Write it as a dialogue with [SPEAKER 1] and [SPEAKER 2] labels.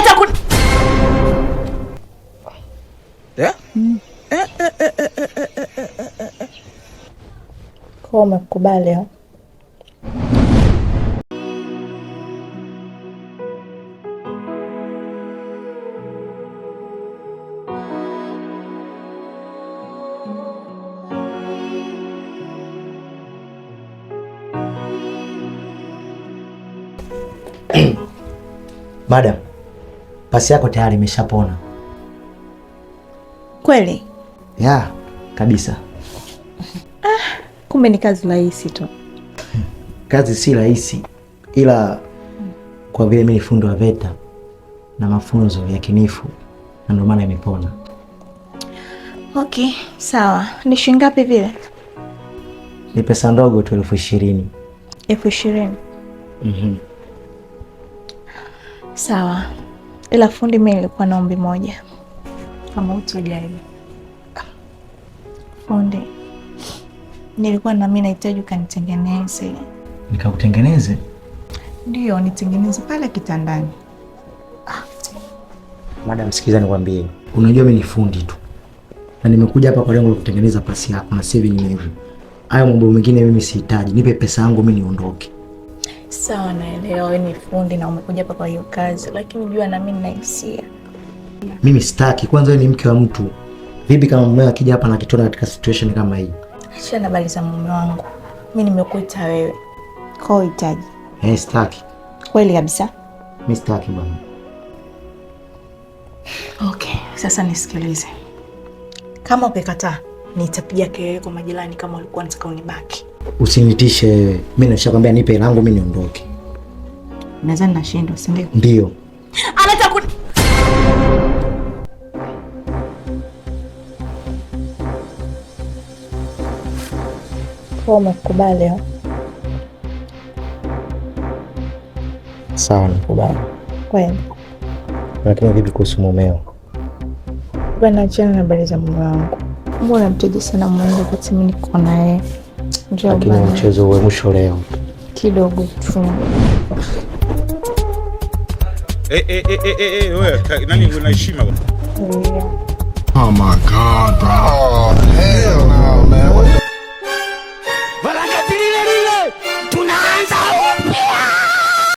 [SPEAKER 1] Unaleta ku... Eh?
[SPEAKER 2] umekubali eh?
[SPEAKER 3] Madam pasi yako tayari imeshapona. Kweli? Ya, kabisa.
[SPEAKER 2] Ah, kumbe ni kazi rahisi tu.
[SPEAKER 3] Kazi si rahisi, ila kwa vile mimi ni fundi wa VETA na mafunzo ya kinifu, na ndio maana imepona.
[SPEAKER 2] Okay, sawa. Ni shilingi ngapi vile?
[SPEAKER 3] Ni pesa ndogo tu, elfu ishirini.
[SPEAKER 2] Elfu ishirini? Mhm. Sawa. Ila fundi, mimi nilikuwa na ombi moja. Kama utojali fundi, nilikuwa na mimi nahitaji ukanitengeneze.
[SPEAKER 3] Nikakutengeneze?
[SPEAKER 2] Ndio, nitengeneze pale kitandani. Ah,
[SPEAKER 3] madam, sikiza nikwambie, unajua mimi ni fundi tu na nimekuja hapa kwa lengo la kutengeneza pasi yako na saving mimi. Hayo mambo mengine mimi sihitaji, nipe pesa yangu mimi niondoke.
[SPEAKER 2] Sawa, naelewa wewe ni fundi na umekuja hapa kwa hiyo kazi, lakini jua nami nina hisia.
[SPEAKER 3] Mimi sitaki. Kwanza wewe ni mke wa mtu, vipi kama mume akija hapa na kitona katika situation kama hii?
[SPEAKER 2] Acha na bali za mume wangu, mimi nimekuita wewe kwa uhitaji.
[SPEAKER 3] Eh, sitaki kweli kabisa, mimi sitaki mama.
[SPEAKER 2] Okay, sasa nisikilize, kama ukikataa nitapiga kelele kwa majirani kama walikuwa nataka unibaki
[SPEAKER 3] usinitishe mimi, nishakwambia nipe langu mimi niondoke.
[SPEAKER 2] Nadhani nashindwa, si ndio?
[SPEAKER 3] Ndio. Aleta ku Umekubali? Eh? Sawa, nakubali. Kweli? Lakini vipi kuhusu mumeo? Bwana, achana na habari za mume wangu. Mbona mteja sana wangu wakati mimi niko naye lakini mchezo uwe mwisho leo kidogo tu. Eh, eh, eh, eh, wewe nani, una heshima? Oh my god bro.